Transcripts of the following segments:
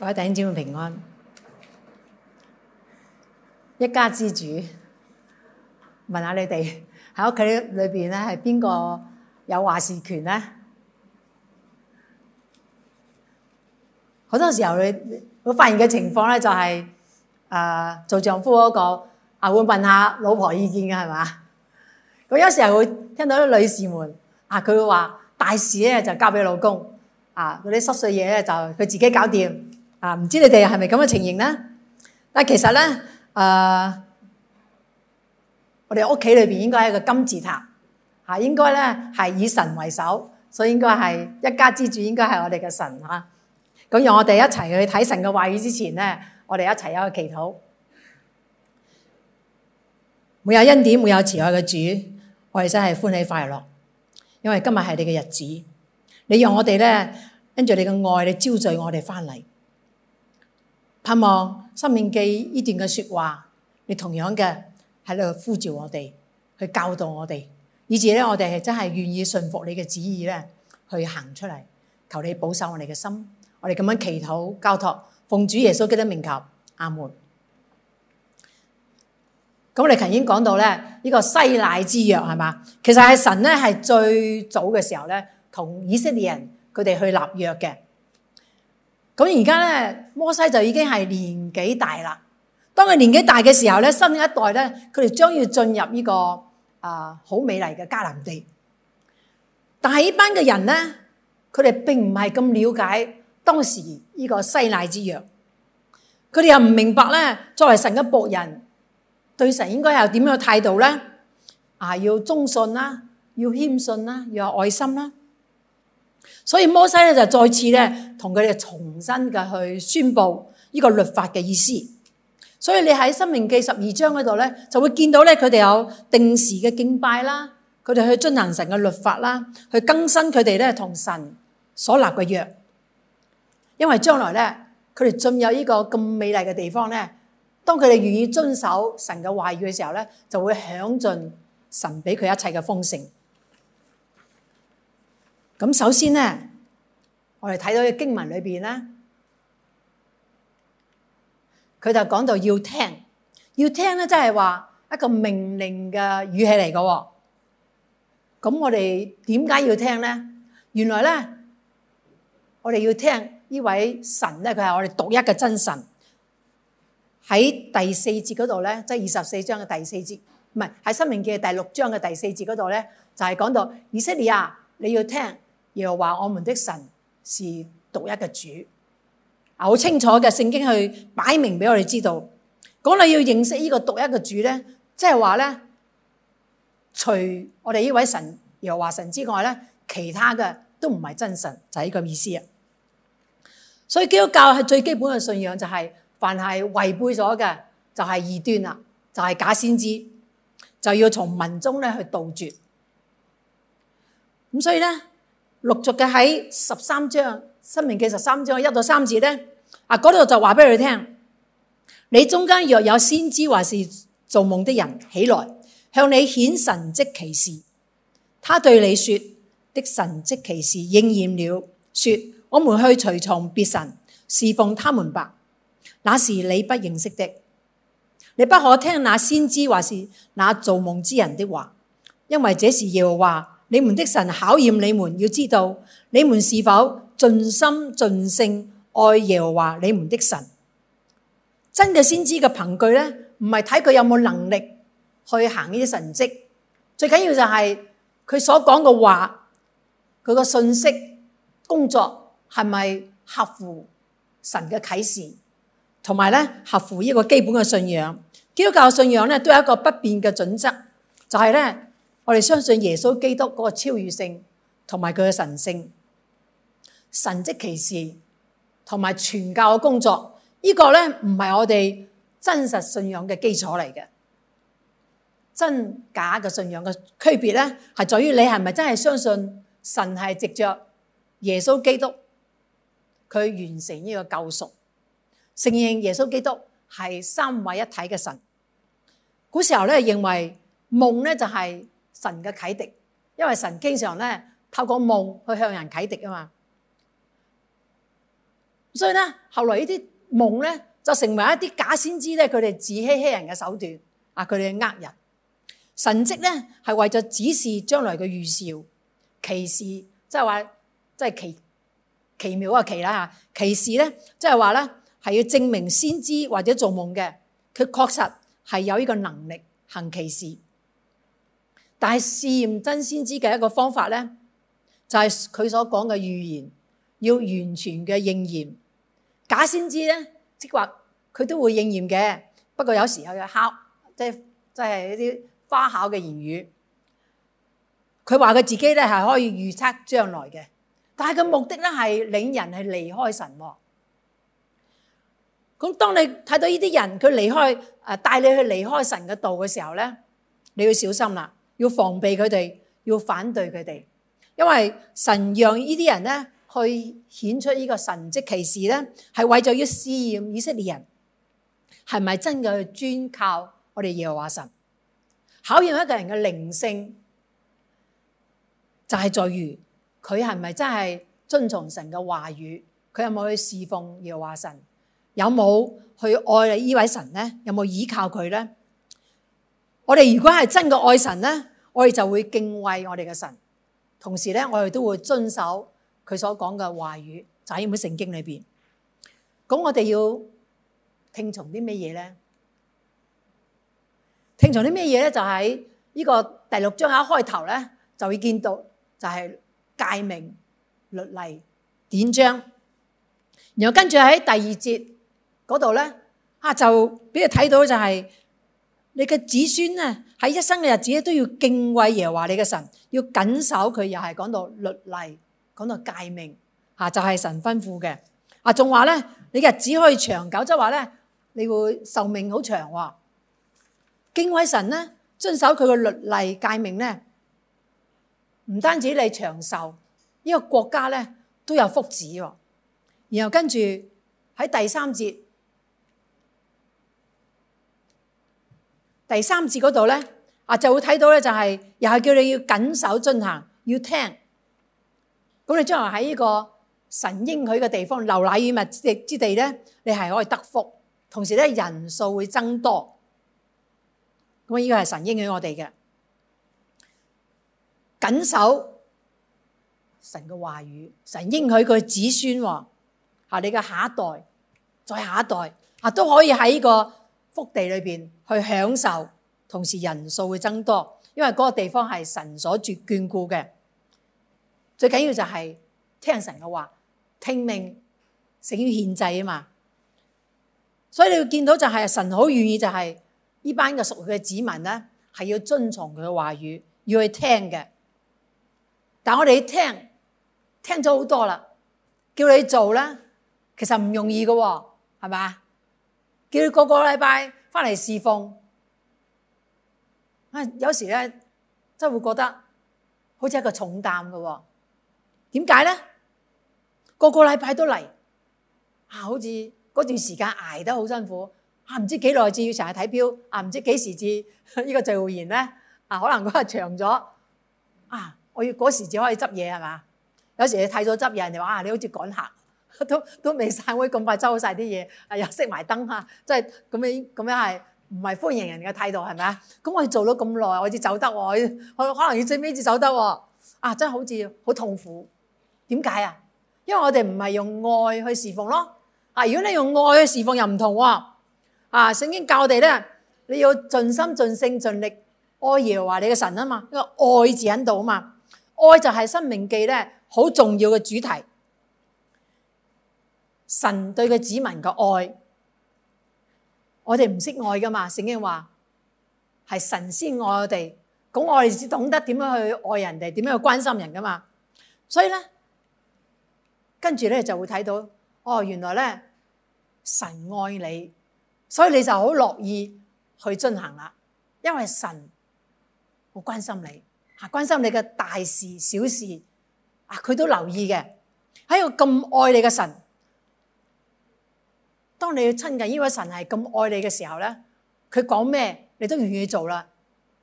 各位弟兄姊妹平安，一家之主，問下你哋喺屋企裏邊咧係邊個有話事權咧？好，嗯、多時候你會發現嘅情況咧就係、是，誒、呃、做丈夫嗰、那個啊會問，問下老婆意見嘅係嘛？咁有時候會聽到啲女士們啊，佢會話大事咧就交俾老公，啊嗰啲濕碎嘢咧就佢自己搞掂。啊！唔知你哋係咪咁嘅情形咧？但其實咧，誒、呃，我哋屋企裏面應該係一個金字塔嚇，應該咧係以神為首，所以應該係一家之主，應該係我哋嘅神嚇。咁、啊，讓我哋一齊去睇神嘅話語之前咧，我哋一齊有一個祈禱。每有恩典、每有慈愛嘅主，我哋真係歡喜快樂，因為今日係你嘅日子，你讓我哋咧跟住你嘅愛，你招聚我哋翻嚟。盼望《申命記》呢段嘅說話，你同樣嘅喺度呼召我哋，去教導我哋，以至咧我哋係真係願意順服你嘅旨意咧，去行出嚟。求你保守我哋嘅心，我哋咁樣祈禱交託，奉主耶穌基督名求，阿門。咁、嗯、我哋琴日已經講到咧，呢、這個西乃之約係嘛？其實係神咧係最早嘅時候咧，同以色列人佢哋去立約嘅。咁而家咧，摩西就已經係年紀大啦。當佢年紀大嘅時候咧，新一代咧，佢哋將要進入呢個啊好美麗嘅迦南地。但係呢班嘅人咧，佢哋並唔係咁了解當時呢個西奈之約。佢哋又唔明白咧，作為神嘅僕人，對神應該有點樣嘅態度咧？啊，要忠信啦，要謙遜啦，要有愛心啦。所以摩西咧就再次咧同佢哋重新嘅去宣布呢個律法嘅意思。所以你喺《申命記》十二章嗰度咧就會見到咧佢哋有定時嘅敬拜啦，佢哋去遵行神嘅律法啦，去更新佢哋咧同神所立嘅約。因為將來咧佢哋進入呢個咁美麗嘅地方咧，當佢哋願意遵守神嘅話語嘅時候咧，就會享盡神俾佢一切嘅豐盛。咁首先咧，我哋睇到嘅經文裏邊咧，佢就講到要聽，要聽咧，即係話一個命令嘅語氣嚟嘅。咁我哋點解要聽咧？原來咧，我哋要聽呢位神咧，佢係我哋獨一嘅真神。喺第四節嗰度咧，即係二十四章嘅第四節，唔係喺《申命記》第六章嘅第四節嗰度咧，就係、是、講到以色列亞，你要聽。又話：我們的神是獨一嘅主，啊好清楚嘅聖經去擺明俾我哋知道，講你要認識呢個獨一嘅主咧，即係話咧，除我哋呢位神，又話神之外咧，其他嘅都唔係真神，就係、是、呢個意思啊。所以基督教係最基本嘅信仰、就是凡是背了的，就係凡係違背咗嘅就係異端啦，就係、是、假先知，就要從文中咧去杜絕。咁所以咧。陸續嘅喺十三章，申命記十三章一到三節呢，啊嗰度就話俾佢聽聽：你中間若有先知或是造夢的人起來，向你顯神蹟奇事，他對你說的神蹟奇事應驗了，說我們去隨從別神侍奉他們吧，那是你不認識的，你不可聽那先知或是那造夢之人的話，因為這是耶和華你們的神考驗你們，要知道你們是否盡心盡性愛耶和華你們的神。真嘅先知嘅憑據咧，唔係睇佢有冇能力去行呢啲神蹟，最緊要就係佢所講嘅話，佢嘅信息工作係咪合乎神嘅啟示，同埋咧合乎呢個基本嘅信仰。基督教信仰咧都有一個不變嘅準則，就係咧。我哋相信耶穌基督嗰個超越性同埋佢嘅神性、神蹟奇事同埋傳教嘅工作，呢個咧唔係我哋真實信仰嘅基礎嚟嘅。真假嘅信仰嘅區別咧，係在於你係咪真係相信神係藉着耶穌基督佢完成呢個救贖，承認耶穌基督係三位一體嘅神。古時候咧認為夢咧就係、是。神嘅啟迪，因為神經常咧透過夢去向人啟迪啊嘛。所以咧，後來這些夢呢啲夢咧就成為一啲假先知咧，佢哋自欺欺人嘅手段啊，佢哋呃人。神跡咧係為咗指示將來嘅預兆，奇事即係話即係奇奇妙嗰個奇啦嚇。奇事咧即係話咧係要證明先知或者做夢嘅，佢確實係有呢個能力行奇事。但係試驗真先知嘅一個方法咧，就係、是、佢所講嘅預言要完全嘅應驗。假先知咧，即係話佢都會應驗嘅，不過有時候有敲，即係即係一啲花巧嘅言語。佢話佢自己咧係可以預測將來嘅，但係佢目的咧係領人係離開神。咁當你睇到呢啲人佢離開誒帶你去離開神嘅道嘅時候咧，你要小心啦。要防備佢哋，要反對佢哋，因為神讓呢啲人咧去顯出呢個神蹟奇事咧，係為咗要試驗以色列人係咪真嘅去專靠我哋耶和華神。考驗一個人嘅靈性，就係、是、在於佢係咪真係遵從神嘅話語，佢有冇去侍奉耶和華神，有冇去愛呢位神咧，有冇倚靠佢咧？我哋如果係真嘅愛神咧？我哋就會敬畏我哋嘅神，同時咧，我哋都會遵守佢所講嘅話語，就喺《聖經》裏面。咁我哋要聽從啲咩嘢咧？聽從啲咩嘢咧？就喺呢個第六章一開頭咧，就會見到就係誡命、律例典章。然後跟住喺第二節嗰度咧，啊就俾你睇到就係、是。你嘅子孫咧，喺一生嘅日子咧都要敬畏耶華你嘅神，要謹守佢，又係講到律例，講到誡命，吓就係神吩咐嘅。啊，仲話咧，你嘅日子可以長久，即係話咧，你會壽命好長。敬畏神咧，遵守佢嘅律例誡命咧，唔單止你長壽，呢個國家咧都有福祉。然後跟住喺第三節。第三節嗰度咧，啊就會睇到咧、就是，就係又係叫你要緊守進行，要聽。咁你將來喺呢個神應許嘅地方，流奶與蜜之地咧，你係可以得福，同時咧人數會增多。咁呢個係神應許我哋嘅，緊守神嘅話語，神應許佢子孫喎，你嘅下一代，再下一代都可以喺呢、這個。福地裏邊去享受，同時人數會增多，因為嗰個地方係神所絕眷顧嘅。最緊要就係聽神嘅話，聽命勝於獻祭啊嘛。所以你會見到就係、是、神好願意就係、是、呢班嘅屬佢嘅子民咧，係要遵從佢嘅話語，要去聽嘅。但我哋去聽，聽咗好多啦，叫你做啦，其實唔容易嘅喎，係嘛？叫佢個個禮拜翻嚟侍奉啊，有時咧真係會覺得好似一個重擔喎。點解咧？個個禮拜都嚟啊，好似嗰段時間挨得好辛苦啊，唔知幾耐至要成日睇表啊，唔知幾時至呢個聚會完咧啊，可能嗰日長咗啊，我要嗰時至可以執嘢係嘛？有時你睇咗執嘢，人哋話啊，你好似趕客。都都未散會咁快，收晒啲嘢，又熄埋燈吓，即係咁樣咁樣係唔係歡迎人嘅態度係咪啊？咁我哋做咗咁耐，我先走得，喎，我可能要最尾先走得啊！真係好似好痛苦，點解啊？因為我哋唔係用愛去侍奉咯啊！如果你用愛去侍奉又唔同喎啊，啊！聖經教我哋咧，你要盡心盡性盡力愛耶和華你嘅神啊嘛，因為愛字喺度啊嘛，愛就係申命記咧好重要嘅主題。神對佢子民嘅愛，我哋唔識愛噶嘛？聖經話係神先愛我哋，咁我哋先懂得點樣去愛人哋，點樣去關心人噶嘛？所以咧，跟住咧就會睇到哦，原來咧神愛你，所以你就好樂意去進行啦，因為神好關心你吓，關心你嘅大事小事啊，佢都留意嘅。喺個咁愛你嘅神。當你要親近呢位神係咁愛你嘅時候咧，佢講咩你都願意做啦，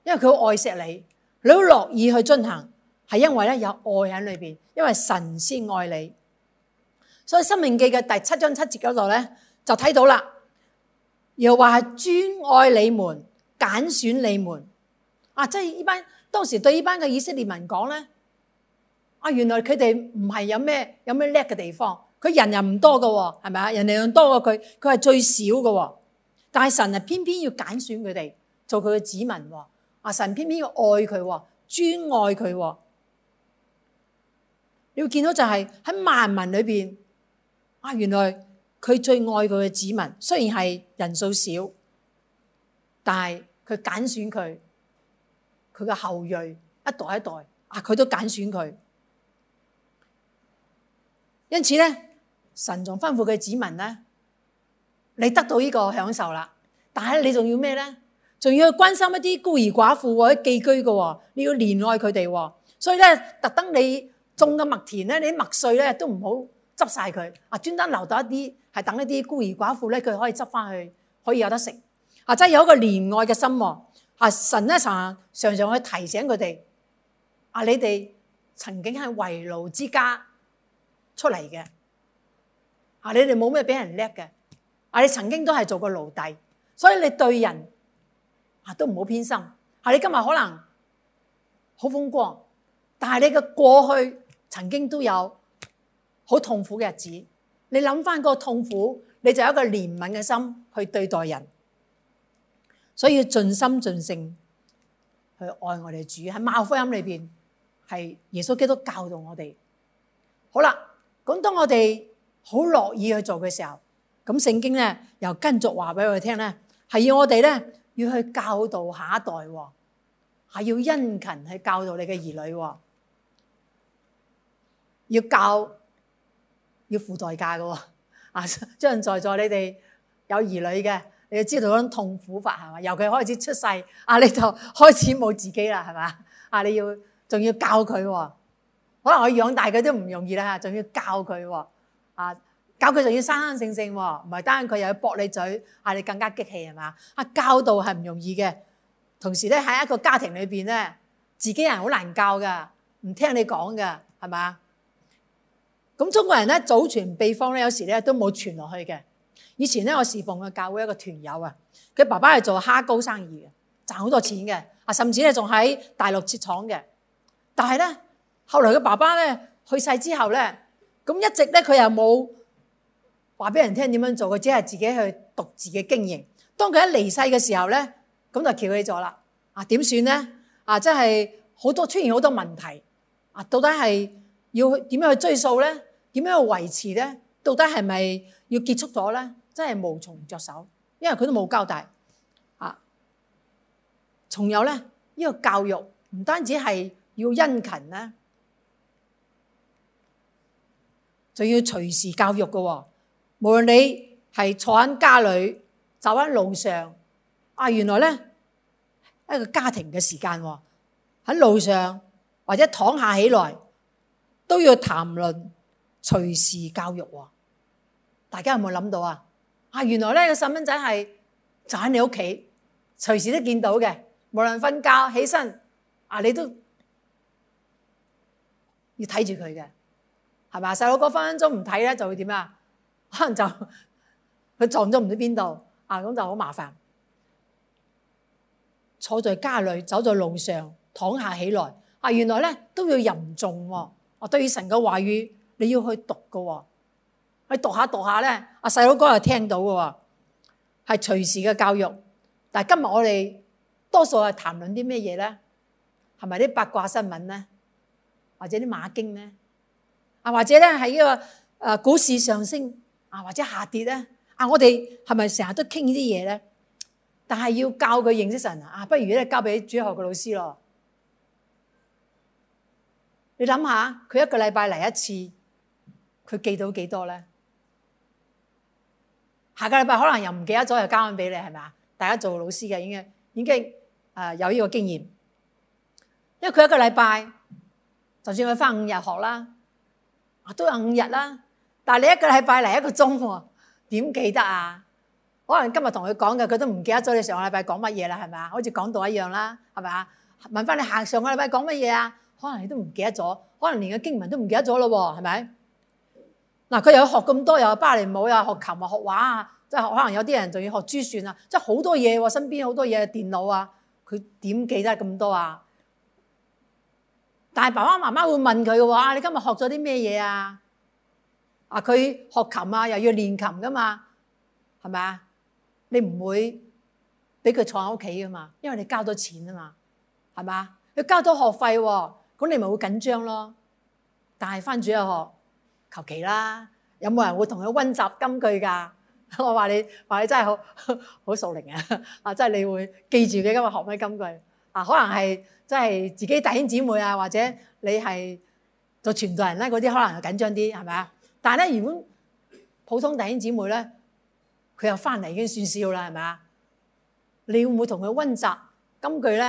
因為佢好愛錫你，你好樂意去進行，係因為咧有愛喺裏邊，因為神先愛你。所以申命記嘅第七章七節嗰度咧就睇到啦，又話專愛你們，揀選你們，啊，即係呢班當時對呢班嘅以色列人講咧，啊，原來佢哋唔係有咩有咩叻嘅地方。佢人又唔多噶，係咪啊？人哋仲多過佢，佢係最少噶。但係神啊，偏偏要揀選佢哋做佢嘅子民。啊，神偏偏要愛佢，專愛佢。你會見到就係、是、喺萬民裏邊，啊，原來佢最愛佢嘅子民。雖然係人數少，但係佢揀選佢，佢嘅後裔一代一代啊，佢都揀選佢。因此咧。神仲吩咐佢子民咧，你得到呢個享受啦，但係你仲要咩咧？仲要去關心一啲孤兒寡婦或者寄居嘅喎，你要憐愛佢哋喎。所以咧，特登你種嘅麥田咧，你麥穗咧都唔好執晒佢，啊專登留到一啲係等一啲孤兒寡婦咧，佢可以執翻去可以有得食，啊真係有一個憐愛嘅心喎。啊神咧常常常去提醒佢哋，啊你哋曾經係為奴之家出嚟嘅。啊！你哋冇咩俾人叻嘅，啊！你曾經都係做過奴隸，所以你對人啊都唔好偏心。你今日可能好風光，但係你嘅過去曾經都有好痛苦嘅日子。你諗翻個痛苦，你就有一個憐憫嘅心去對待人。所以要盡心盡性去愛我哋主。喺馬可福音裏邊，係耶穌基督教導我哋。好啦，咁當我哋。好樂意去做嘅時候，咁聖經咧又跟續話俾我哋聽咧，係要我哋咧要去教導下一代，係要殷勤去教導你嘅兒女，要教，要付代價㗎啊，將人在座，你哋有兒女嘅，你要知道嗰種痛苦法係嘛？由佢開始出世，啊，你就開始冇自己啦，係嘛？啊，你要仲要教佢，可能我養大佢都唔容易啦，仲要教佢。啊！教佢仲要生生性性喎，唔係，單佢又要駁你嘴，啊，你更加激氣係嘛？啊，教導係唔容易嘅。同時咧喺一個家庭裏面咧，自己人好難教噶，唔聽你講噶，係嘛？咁中國人咧祖傳秘方咧，有時咧都冇傳落去嘅。以前咧，我侍奉嘅教會一個團友啊，佢爸爸係做蝦膏生意嘅，賺好多錢嘅啊，甚至咧仲喺大陸設廠嘅。但係咧，後來佢爸爸咧去世之後咧，咁一直咧，佢又冇話俾人聽點樣做，佢只係自己去獨自嘅經營。當佢一離世嘅時候咧，咁就喬起咗啦。啊，點算咧？啊，即係好多出現好多問題。啊，到底係要點樣去追溯咧？點樣去維持咧？到底係咪要結束咗咧？真係無從着手，因為佢都冇交代。啊，仲有咧，呢個教育唔單止係要殷勤咧。就要隨時教育嘅喎，無論你係坐喺家裏、走喺路上，啊原來呢，一個家庭嘅時間喺路上或者躺下起來，都要談論隨時教育喎。大家有冇諗到啊？啊原來呢個細蚊仔係就喺你屋企，隨時都見到嘅，無論瞓覺起身，啊你都要睇住佢嘅。係嘛？細佬哥分分鐘唔睇咧，就會點啊？可能就佢撞咗唔知邊度啊，咁就好麻煩。坐在家裏，走在路上，躺下起來啊，原來咧都要吟誦喎。對神嘅話語，你要去讀嘅喎。去讀下讀下咧，阿細佬哥又聽到嘅喎，係隨時嘅教育。但係今日我哋多數係談論啲咩嘢咧？係咪啲八卦新聞咧？或者啲馬經咧？啊，或者咧喺呢個誒，股市上升啊，或者下跌咧啊，我哋係咪成日都傾呢啲嘢咧？但係要教佢認識神啊，不如咧交俾主學嘅老師咯。你諗下，佢一個禮拜嚟一次，佢記到幾多咧？下個禮拜可能又唔記得咗，又交翻俾你係咪啊？大家做老師嘅已經已經誒有呢個經驗，因為佢一個禮拜，就算佢翻五日學啦。都有五日啦，但係你一個禮拜嚟一個鐘喎，點記得啊？可能今日同佢講嘅，佢都唔記得咗你上個禮拜講乜嘢啦，係咪啊？好似講道一樣啦，係咪啊？問翻你下上個禮拜講乜嘢啊？可能你都唔記得咗，可能連個經文都唔記得咗咯喎，係咪？嗱，佢又要學咁多，又芭蕾舞啊，學琴啊，學畫啊，即係可能有啲人仲要學珠算啊，即係好多嘢喎，身邊好多嘢，電腦啊，佢點記得咁多啊？但係爸爸媽媽會問佢嘅喎，你今日學咗啲咩嘢啊？啊，佢學琴啊，又要練琴噶嘛，係咪啊？你唔會俾佢坐喺屋企噶嘛？因為你交咗錢啊嘛，係咪啊？佢交咗學費喎，咁你咪會緊張咯。但係翻主日學，求其啦，有冇人會同佢温習金句㗎？我話你話你真係好好聰明啊！啊，即係你會記住你今日學咩金句啊？可能係。即係自己弟兄姊妹啊，或者你係做傳道人咧，嗰啲可能緊張啲，係咪啊？但係咧，如果普通弟兄姊妹咧，佢又翻嚟已經算少啦，係咪啊？你會唔會同佢温習金句咧？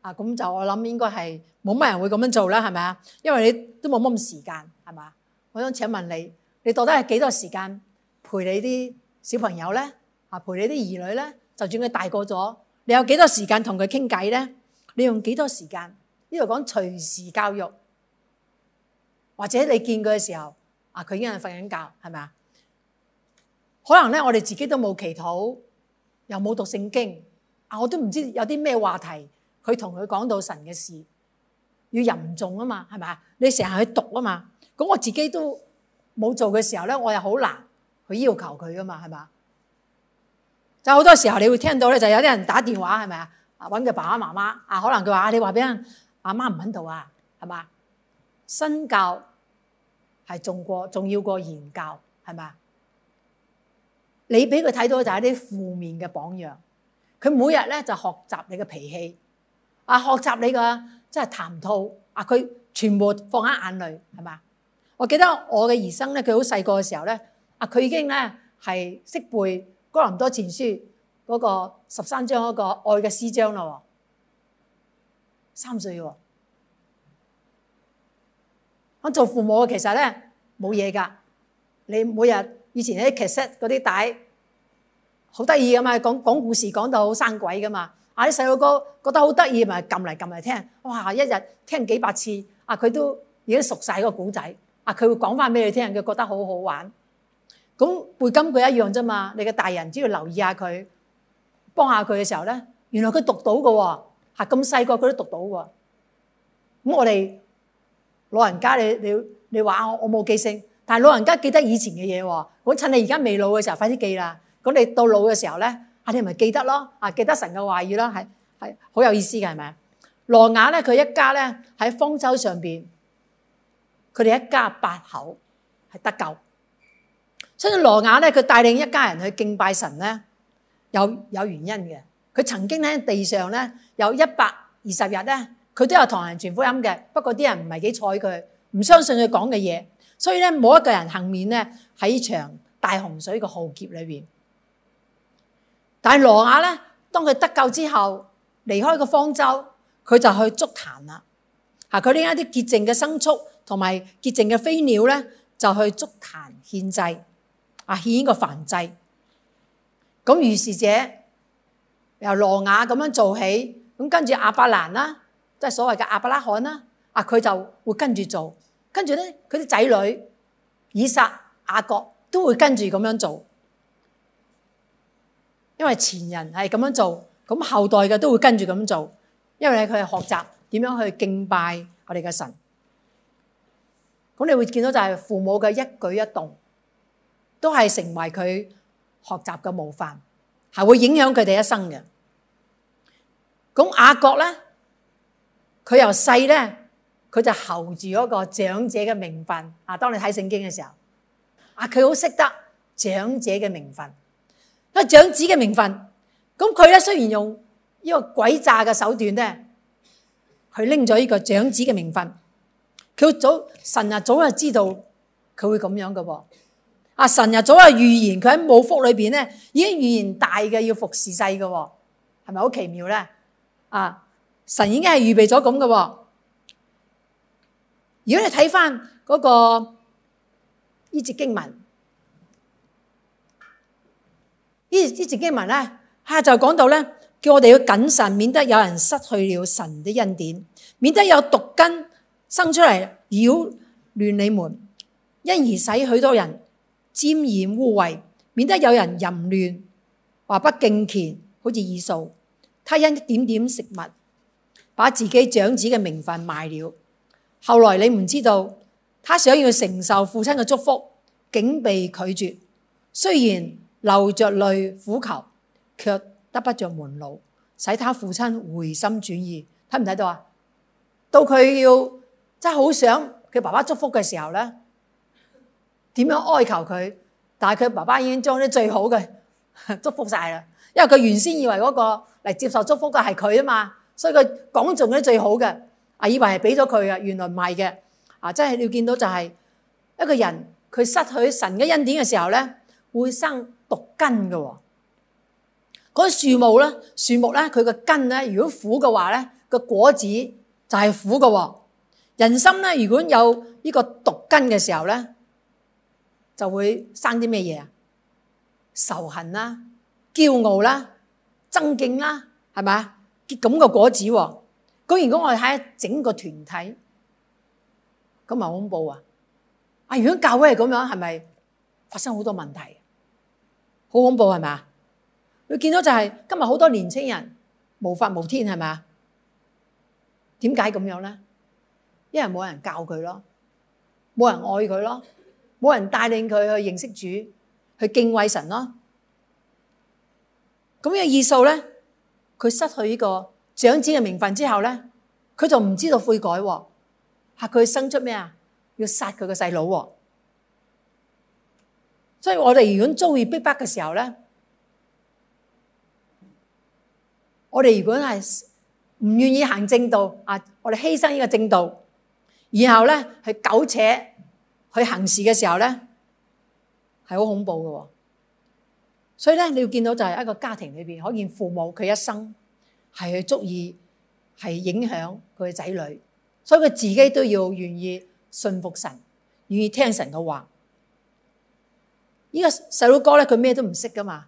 啊，咁就我諗應該係冇乜人會咁樣做啦，係咪啊？因為你都冇乜咁時間，係嘛？我想請問你，你到底係幾多時間陪你啲小朋友咧？啊，陪你啲兒女咧？就算佢大個咗，你有幾多時間同佢傾偈咧？你用幾多時間？呢度講隨時教育，或者你見佢嘅時候，啊，佢已經係瞓緊覺，係咪啊？可能咧，我哋自己都冇祈禱，又冇讀聖經，啊，我都唔知有啲咩話題，佢同佢講到神嘅事，要吟重啊嘛，係咪啊？你成日去讀啊嘛，咁我自己都冇做嘅時候咧，我又好難去要求佢噶嘛，係咪？就好多時候你會聽到咧，就有啲人打電話，係咪啊？啊！揾佢爸爸媽媽，啊可能佢話啊，你話俾人阿媽唔喺度啊，係嘛？身教係重過，重要過言教係嘛？你俾佢睇到就係啲負面嘅榜樣，佢每日咧就學習你嘅脾氣，啊學習你嘅即係談吐，啊、就、佢、是、全部放喺眼裏係嘛？我記得我嘅兒生咧，佢好細個嘅時候咧，啊佢已經咧係識背《哥林多前書》。嗰、那個十三章嗰個愛嘅詩章咯，三歲喎，我做父母嘅其實咧冇嘢噶，你每日以前啲劇 set 嗰啲帶好得意噶嘛，講講故事講到好生鬼噶嘛，啊啲細路哥覺得好得意咪撳嚟撳嚟聽，哇一日聽幾百次，啊佢都已經熟晒個古仔，啊佢會講翻俾你聽，佢覺得好好玩，咁背金句一樣啫嘛，你嘅大人只要留意下佢。幫下佢嘅時候咧，原來佢讀到嘅喎，係咁細個佢都讀到喎。咁我哋老人家，你你你話我我冇記性，但係老人家記得以前嘅嘢喎。我趁你而家未老嘅時候，快啲記啦。咁你到老嘅時候咧，啊你咪記得咯，啊記得神嘅話語咯，係係好有意思嘅，係咪啊？挪亞咧，佢一家咧喺方舟上面，佢哋一家八口係得救。所以挪亞咧，佢帶領一家人去敬拜神咧。有有原因嘅，佢曾經喺地上咧有一百二十日咧，佢都有唐人傳福音嘅，不過啲人唔係幾睬佢，唔相信佢講嘅嘢，所以咧冇一個人幸免咧喺場大洪水嘅浩劫裏面。但係挪亞咧，當佢得救之後離開個方舟，佢就去築壇啦。佢拎一啲潔淨嘅牲畜同埋潔淨嘅飛鳥咧，就去築壇獻祭，啊獻個燔祭。咁如是者由羅雅咁樣做起，咁跟住亞伯蘭啦，即係所謂嘅亞伯拉罕啦，啊佢就會跟住做，跟住咧佢啲仔女以撒、雅各，都會跟住咁樣做，因為前人係咁樣做，咁後代嘅都會跟住咁做，因為咧佢係學習點樣去敬拜我哋嘅神，咁你會見到就係父母嘅一舉一動都係成為佢。學習嘅模範係會影響佢哋一生嘅。咁亞各咧，佢由細咧，佢就候住嗰個長者嘅名分。啊，當你睇聖經嘅時候，啊，佢好識得長者嘅名分，啊長子嘅名分。咁佢咧雖然用呢個鬼詐嘅手段咧，佢拎咗呢個長子嘅名分。佢早神啊，早就知道佢會咁樣嘅。神日早就預言，佢喺冇福裏面咧，已經預言大嘅要服侍細嘅，係咪好奇妙咧？啊！神已經係預備咗咁嘅。如果你睇翻嗰個呢節經文，呢呢節經文咧就講到咧，叫我哋要謹慎，免得有人失去了神的恩典，免得有毒根生出嚟擾亂你們，因而使許多人，沾染污穢，免得有人淫亂，話不敬虔，好似以掃。他因一點點食物，把自己長子嘅名分賣了。後來你們知道，他想要承受父親嘅祝福，竟被拒絕。雖然流着淚苦求，卻得不着門路，使他父親回心轉意。睇唔睇到啊？到佢要真係好想佢爸爸祝福嘅時候咧？點樣哀求佢？但係佢爸爸已經將啲最好嘅祝福晒啦，因為佢原先以為嗰個嚟接受祝福嘅係佢啊嘛，所以佢講中嗰最好嘅啊，以為係俾咗佢嘅，原來唔係嘅啊！真係你要見到就係一個人佢失去神嘅恩典嘅時候咧，會生毒根嘅、哦。嗰樹木咧，樹木咧，佢嘅根咧，如果苦嘅話咧，個果子就係苦嘅、哦。人心咧，如果有呢個毒根嘅時候咧，就會生啲咩嘢啊？仇恨啦、啊、驕傲啦、啊、爭競啦、啊，係咪？結咁嘅果子、啊，咁如果我哋睇下整個團體，咁咪恐怖啊！啊，如果教會係咁樣，係咪發生好多問題？好恐怖係咪？你見到就係、係、今日好多年輕人無法無天，係咪？點解咁樣咧？因為冇人教佢咯，冇人愛佢咯。冇人帶領佢去認識主，去敬畏神咯。咁樣以掃咧，佢失去呢個長子嘅名分之後咧，佢就唔知道悔改，吓佢生出咩啊？要殺佢嘅細佬。所以我哋如果遭遇逼迫嘅時候咧，我哋如果係唔願意行正道啊，我哋犧牲呢個正道，然後咧去苟且。去行事嘅時候咧，係好恐怖嘅，所以咧你要見到就係一個家庭裏面，可見父母佢一生係去足以係影響佢嘅仔女，所以佢自己都要願意信服神，願意聽神嘅話。呢個細佬哥咧，佢咩都唔識噶嘛，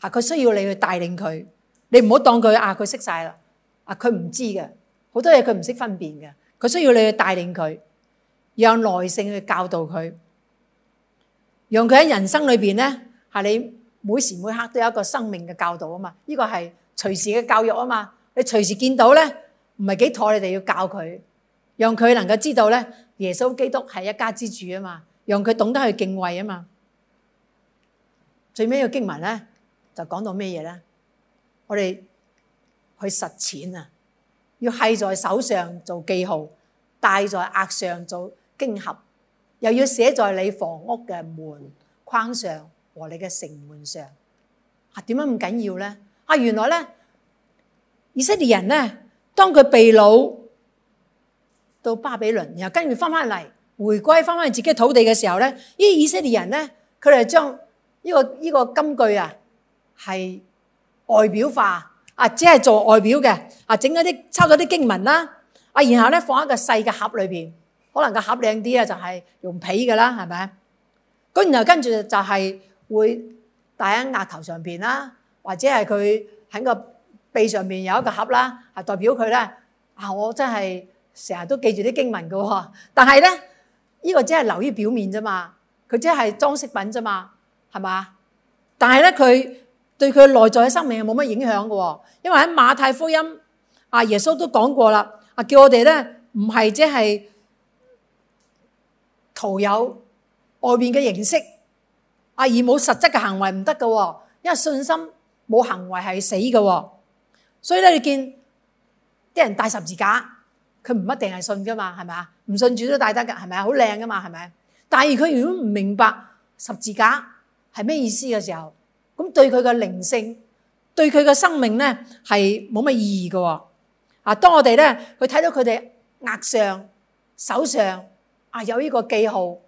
啊佢需要你去帶領佢，你唔好當佢啊佢識晒啦，啊佢唔知嘅，好多嘢佢唔識分辨嘅，佢需要你去帶領佢。讓耐性去教導佢，讓佢喺人生裏邊咧，係你每時每刻都有一個生命嘅教導啊嘛。呢個係隨時嘅教育啊嘛。你隨時見到咧，唔係幾妥，你哋要教佢，讓佢能夠知道咧，耶穌基督係一家之主啊嘛。讓佢懂得去敬畏啊嘛。最尾一個經文咧，就講到咩嘢咧？我哋去實踐啊，要係在手上做記號，戴在額上做。經盒又要寫在你房屋嘅門框上和你嘅城門上。啊點解咁緊要咧？啊原來咧，以色列人咧，當佢被擄到巴比倫，然後跟住翻翻嚟回歸翻翻去自己土地嘅時候咧，依以色列人咧，佢哋將呢、呢個呢、呢個金句啊係外表化啊，只係做外表嘅啊，整咗啲抄咗啲經文啦啊，然後咧放喺個細嘅盒裏邊。可能個盒靚啲啊，就係用皮㗎啦，係咪？咁然後跟住就係會戴喺額頭上面啦，或者係佢喺個臂上面有一個盒啦，係代表佢咧。啊，我真係成日都記住啲經文㗎喎。但係咧，呢個只係流於表面啫嘛，佢只係裝飾品啫嘛，係嘛？但係咧，佢對佢內在嘅生命冇乜影響㗎喎。因為喺馬太福音，啊耶穌都講過啦，啊叫我哋咧唔係只係。徒有外邊嘅形式，而冇實質嘅行為唔得嘅，因為信心冇行為係死嘅。所以咧，你見啲人戴十字架，佢唔一定係信噶嘛，係咪啊？唔信主都戴得噶，係咪啊？好靚噶嘛，係咪？但係佢如果唔明白十字架係咩意思嘅時候，咁對佢嘅靈性、對佢嘅生命咧，係冇乜意義嘅。啊，當我哋咧，佢睇到佢哋額上、手上。啊！有呢個記號，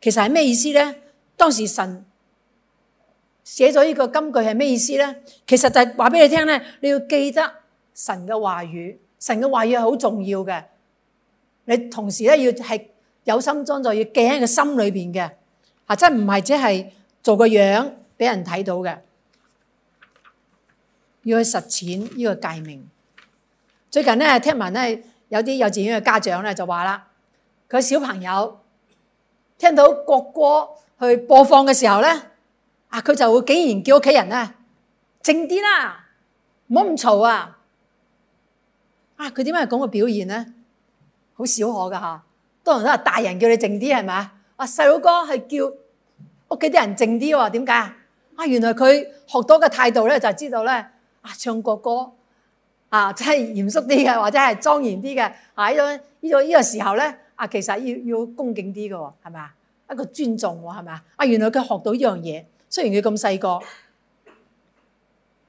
其實係咩意思咧？當時神寫咗呢個金句係咩意思咧？其實就係話俾你聽咧，你要記得神嘅話語，神嘅話語係好重要嘅。你同時咧要係有心裝載，要記喺個心裏邊嘅，即真唔係淨係做個樣俾人睇到嘅，要去實踐呢個誡命。最近咧聽聞咧有啲幼稚園嘅家長咧就話啦。佢小朋友聽到國歌去播放嘅時候咧，啊，佢就會竟然叫屋企人咧靜啲啦，唔好咁嘈啊！啊，佢點解係咁嘅表現咧？好少可噶嚇，當然都係大人叫你靜啲係咪啊？啊，細佬哥係叫屋企啲人靜啲喎，點解啊？啊，原來佢學到嘅態度咧，就係知道咧啊，唱國歌啊，真係嚴肅啲嘅，或者係莊嚴啲嘅啊。呢度呢個呢、這個這個、時候咧。啊，其實要要恭敬啲嘅，係咪啊？一個尊重喎，係咪啊？啊，原來佢學到一樣嘢。雖然佢咁細個，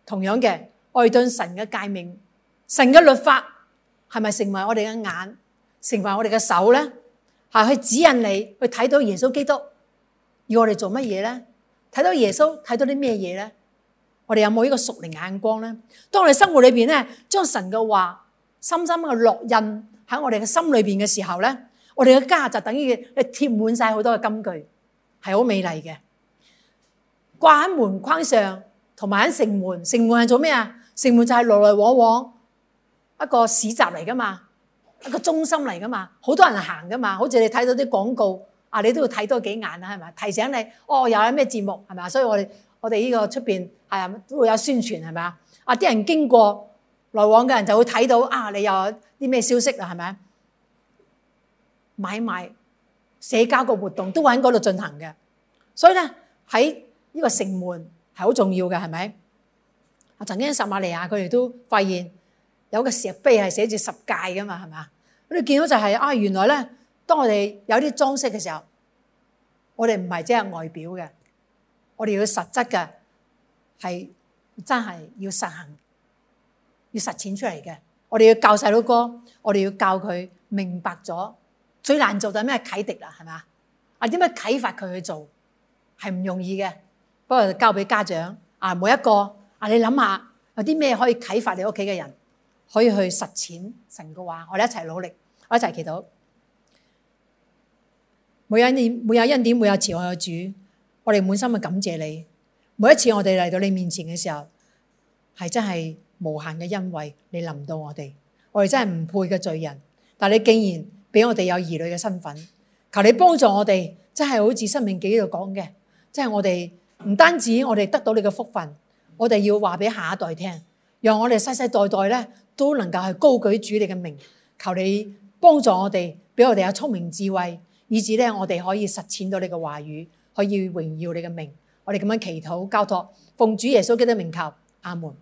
同樣嘅愛對神嘅誡命，神嘅律法係咪成為我哋嘅眼，成為我哋嘅手咧？係去指引你去睇到耶穌基督，要我哋做乜嘢咧？睇到耶穌，睇到啲咩嘢咧？我哋有冇呢個屬靈眼光咧？當我哋生活裏面咧，將神嘅話深深嘅烙印喺我哋嘅心裏面嘅時候咧，我哋嘅家就等於你貼滿晒好多嘅金句，係好美麗嘅。掛喺門框上，同埋喺城門。城門係做咩啊？城門就係來來往往一個市集嚟噶嘛，一個中心嚟噶嘛，好多人行噶嘛。好似你睇到啲廣告啊，你都要睇多幾眼啦，係咪？提醒你，哦，又有咩節目係咪啊？所以我哋我哋呢個出面係啊，都會有宣傳，係咪啊？啊，啲人經過來往嘅人就會睇到啊，你有啲咩消息啦，係咪？買賣、社交個活動都會喺嗰度進行嘅，所以咧喺呢個城門係好重要嘅，係咪？啊，曾經喺撒瑪利亞佢哋都發現有個石碑係寫住十誡噶嘛，係咪啊？你見到就係、是、啊，原來咧，當我哋有啲裝飾嘅時候，我哋唔係淨係外表嘅，我哋要實質嘅，係真係要實行要實踐出嚟嘅。我哋要教細佬哥，我哋要教佢明白咗。最難做就係咩啟迪啦，係咪？啊？點樣啟發佢去做係唔容易嘅。不過交俾家長啊，每一個啊，你諗下有啲咩可以啟發你屋企嘅人可以去實踐神嘅話，我哋一齊努力，我一齊祈禱。每一點每有恩典，每有慈愛嘅主，我哋滿心嘅感謝你。每一次我哋嚟到你面前嘅時候，係真係無限嘅恩惠。你臨到我哋，我哋真係唔配嘅罪人，但係你竟然。俾我哋有兒女嘅身份，求你幫助我哋，真係好似《申命記》度講嘅，即係我哋唔單止我哋得到你嘅福分，我哋要話俾下一代聽，讓我哋世世代代咧都能夠去高舉主你嘅名，求你幫助我哋，俾我哋有聰明智慧，以至咧我哋可以實踐到你嘅話語，可以榮耀你嘅名，我哋咁樣祈禱交託，奉主耶穌基督名求，阿門。